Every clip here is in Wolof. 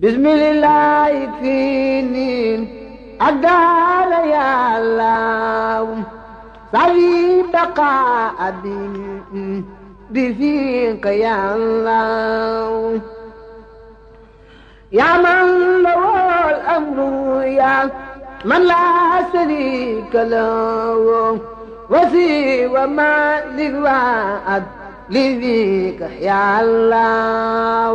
bismillaahi fii niin ak daala yàllaaw sawi bi fiika yàllaaw yaa man lawool amru yaa man laa sariika lawo wasi wa ma lil waad li fiika yàllaaw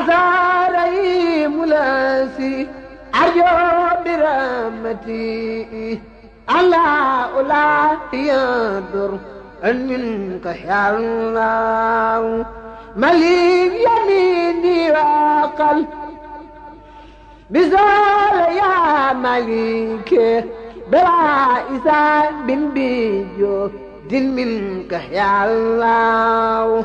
عسى ملاسي أرجو برحمتي ألا ألا يدر أن منك يا الله مليك يميني وقل بزول يا مليك بلا إسان بن بيجو دل منك يا الله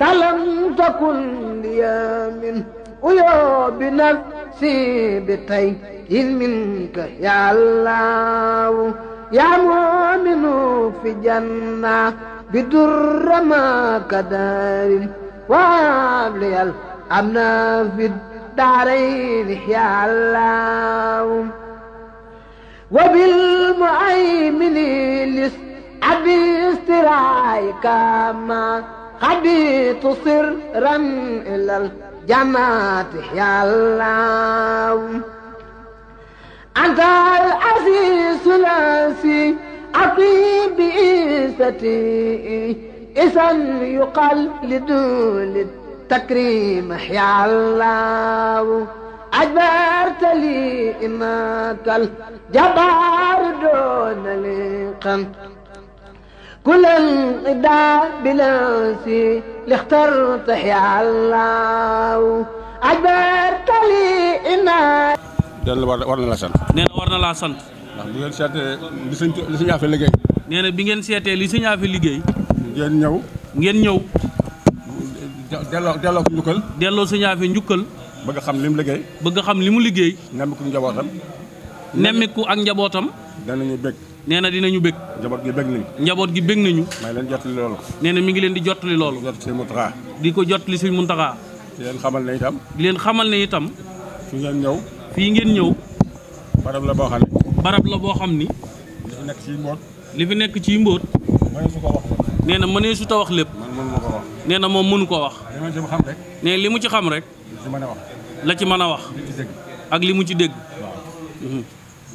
فلم تكن لي من عيوب نفسي بطيء إذ منك يا الله يا مؤمن في جنة بدر ما كدار وهب لي الأمن في الدارين يا الله وبالمؤمن لس أبي استرايك ما خبيت سرا إلى الجماعة يا الله أنت العزيز العزيز أقيم بإيستي إذا يقال لدول التكريم يا الله أجبرت لي إماك الجبار دون لقم كل انقضاء بلاسي لاخترت يا الله أجبرت لي إنا dellu war war na la sant. nee war na laa sant. bu bi ngeen seetee li sëñ li liggéey. nee bi ngeen seetee li sëñ Afe liggéey. ngeen ñëw. ngeen ñëw. delloo delloo ko njukkal. delloo sëñ Afe njukkal. bëgg xam li mu liggéey. bëgg xam li mu liggéey. nemmiku njabootam. nemmiku ak njabootam. danañu bëgg. nee na dinañu bég njaboot gi bég nañu njaboot gi bég nañu may leen jottali loolu nee na mi ngi leen di jottali loolu di ko jottali suñ muntaxaa di leen xamal ne itam di leen xamal ne itam fi ngeen ngeen ñëw barab la boo xam ne la boo xam ni nekk ci mbóot li fi nekk ci mbóot ko wax nee na mënee su ta wax lépp nee na moom mënu ko wax nee li mu ci xam rek la ci mën a wax ak li mu ci dégg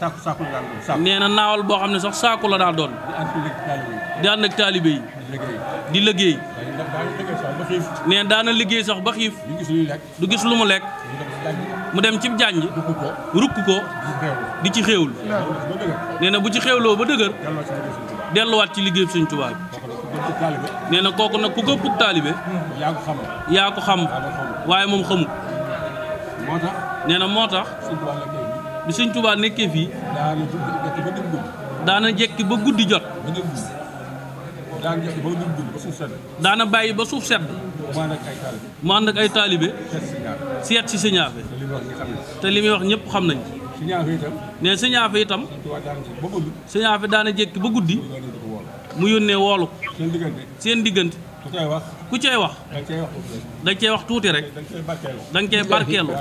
saaku saaku la na naawal boo xam ne sax saaku la daal doon. di ak taalibe yi. di liggéey. nee na daana liggéey sax ba xiif. du gis lu mu lekk. mu dem ci jànj. rukk ko di ci xéewlu. nee na bu ci xéewloo ba dëgër. delluwaat ci liggéey Sëñ Tuubaa bi nee na kooku nag ku gëpp taalibe. yaa ko xam. waaye moom xamul. moo moo tax. bi sëñ Tuubaa nekkee fii. daana jekki ba guddi jot. daana bàyyi ba suuf sedd. mu ànd ak ay taalibe. seet si sëñ Afe. te li muy wax ñëpp xam nañ ne sëñ Afe itam. sëñ Afe daana jekki ba guddi. mu yónnee woolu seen diggante. ku cay wax ku cay wax. wax tuuti rek. da cey barkeelu. da cey barkeelu.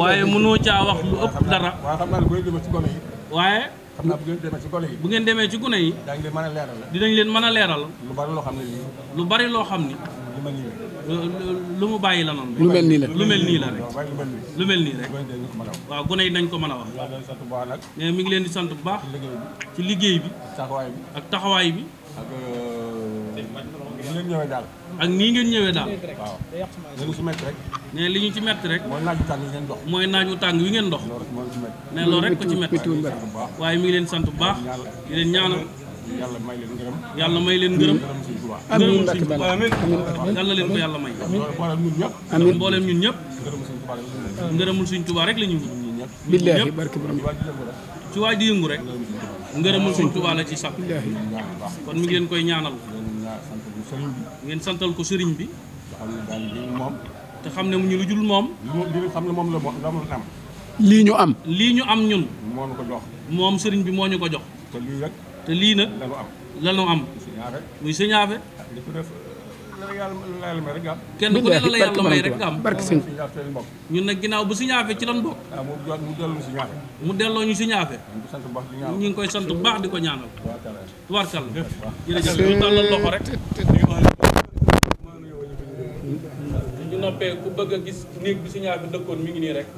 waaye mënoo caa wax lu ëpp dara. waaye xam naa ne bu ngeen demee ci gone yi. waaye. xam naa bu ngeen demee ci gone bu ngeen demee ci gone yi. dinañ leen mën a leeral. dinañ leen mën a leeral. lu bari loo xam ne lu bari loo xam ni. lu mu bàyyi la noonu. lu mel nii la lu mel nii la rek. lu mel nii rek. waaw gone yi nañ ko mën a wax. mais mi ngi leen di sant bu baax. ci liggéey bi. ak taxawaay bi. ak taxawaay bi. Euh, ngeen ñëwee daal. ak nii ngeen ñëwee daal. waaw li ñu ci métti rek. ne li ñu ci métti rek. mooy naaj wu tàng wi ngeen dox. mooy rek ko ci métti. waaye mi leen sant bu baax. di leen ko yàlla may. mbooleem ñun ñëpp. ngërëmul suñ Tuubaa rek la ñu wut. billaahi barke borom ci waa ji yëngu rek. ngërëmul suñ Tuubaa la ci sàkk kon mi ngi koy ñaanal. sëriñ ngeen santal ko sëriñ bi te xam ne mu ñu lu jul moom xam ne moom la moom am lii ñu am lii ñu am ñun moo ñu ko moom sëriñ bi moo ñu ko jox te lii nag te lii nag la am la nu am sëñaafe kenn ku ne la la yàlla may rek nga am ñun nag ginnaaw bu si ñaafe ci lan bokk mu delloo ñu si ñaafe ñu ngi koy sant bu baax di ko ñaanal tubaarkal jërëjëf ñu tàllal loxo rek ñu noppee ku bëgg a gis néeg bi si dëkkoon mi ngi nii rek